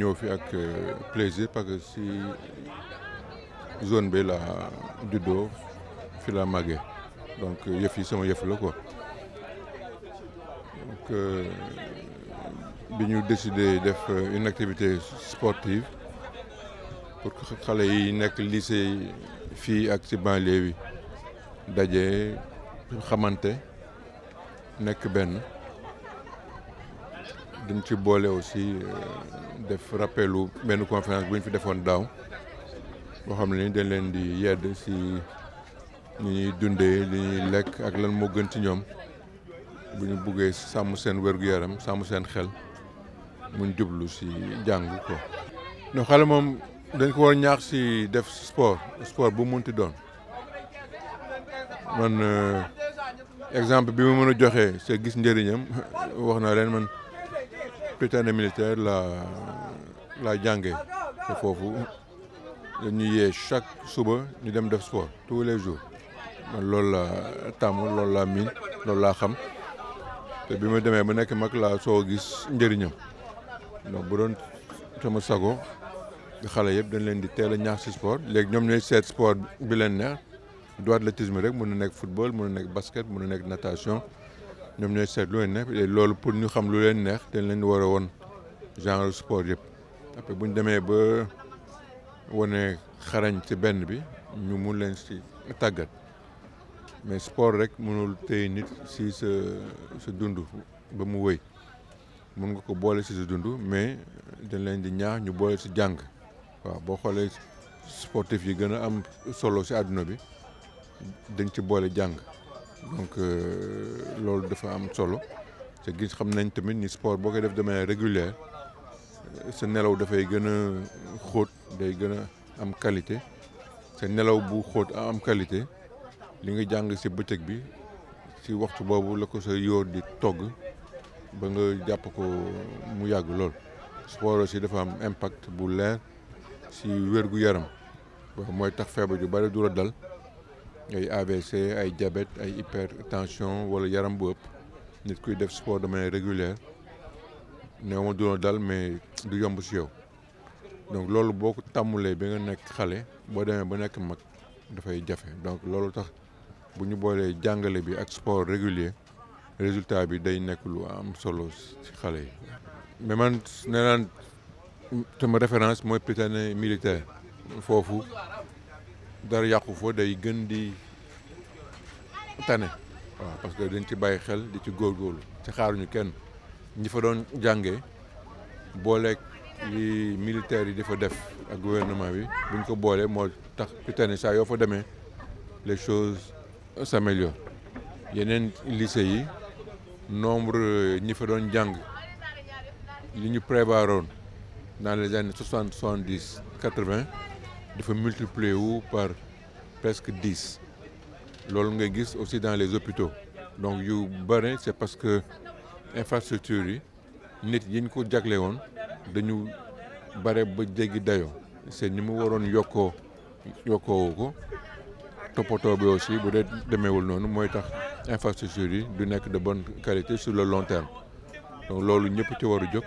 ñëw fi ak euh, plaisir parce que si zone bi la dos, fi la magie. donc euh, yëf yi sama yëf la quoi donc euh, bi ñu décidé def une activité sportive pour que xale yi nekk lycée fii ak ci banlieue bi daje xamante nekk ben. dañ ci boole aussi euh, def rappelu benn conférence bu ñu fi defoon daaw boo xam ne dañ leen di yedd si ni ñuy dundee li ñuy lekk ak lan moo gën ci ñoom bu ñu buggee sàmm seen yaram sàmm seen xel muñ jublu si jàng ko no xale moom dañ ko war ñaax si def sport sport bu munti doon man euh, exemple bi ma mën a joxe sa gis njëriñam wax naa leen man prétendant militaire la la jànge fofu ñu yé chaque suba ñu dem def sport tous les jours man loolu laa tàmm loolu laa miin loolu laa xam té bima démé demee ba nekk mag laa soo gis njëriñam donc bu doon sama sago bi xalé yépp dañ leen di teel a ñaax si sport lég ñom ñooy sét sport bi leen neex du athlétisme rek mën nek football mën nek basket mën nek natation ñoom ñooy seet lu leen neex loolu pour ñu xam lu leen neex dañ leen war a woon genre sport yëpp après bu ñu demee ba wane xarañ ci benn bi ñu mun leen si tàggat mais sport rek mënul téye nit si sa sa dund ba mu wëy mun nga ko boole si sa dund mais dañ leen di ñaax ñu boole si jàng waaw boo xoolee sportif yi gën a am solo si àdduna bi dañ ci boole jàng donc euh, loolu dafa am solo te gis xam nañ tamit ni sport boo koy def de manière régulière euh, sa nelaw dafay gën a xóot day gën a am qualité sa nelaw bu xóot am qualité li nga jàng si bëccëg bi si waxtu boobu la ko sa yóor di togg ba nga jàpp ko mu yàgg lool sport si dafa am impact bu leer si wér gu yaram waaw mooy tax feebar ju bari du la dal ay AVC ay diabète ay hypertension wala yaram bu nit kuy def sport de manière régulière néew du dal mais du yomb ci yow donc lolu boo tamulé bi nga nek xalé, bo demee ba mak da fay jafé. donc lolu tax buñu bolé jangalé bi ak sport régulier résultat bi day nek lu am solo ci xalé. mais man nee te ma référence moy pétané militaire fofu day gën di tane parce que dañ ci xel di ci ci xaaruñu kenn ñi fa doon jàngee li militaires yi fa def gouvernement bi buñ ko choses. tax les choses s'améliorent yeneen lycée yi nombre ñi fa doon jàng li ñu dans les années 70, 70, 80, faut multiplier wu par presque dix loolu nga gis aussi dans les hôpitaux donc yu bëri c'est parce que infrastructure yi nit yi ñu ko jagle woon dañu bare ba jéggi dayoo c'est ni mu yoko, yoko yokkoowu ko toppatoo bi aussi bu dee demeewul noonu mooy tax infrastructure yi du nek de bonne qualité sur le long terme donc lolu ñëpp ci waru jox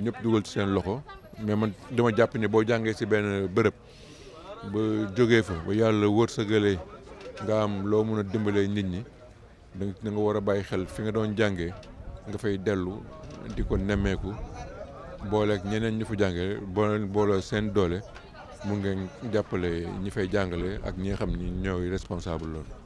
ñëpp dugal ci seen loxo mais man dama jàpp ne boo jàngee si benn bërëb ba jógee fa ba yàlla sa wërsëgalee nga am loo mun a dimbalee nit ñi da war a bàyyi xel fi nga doon jàngee nga fay dellu di ko nemmeeku boole ak ñeneen ñu fa jàngee boole boole seen doole mun ngeen jàppale ñi fay jàngale ak ñi nga xam ni ñooy responsable loolu.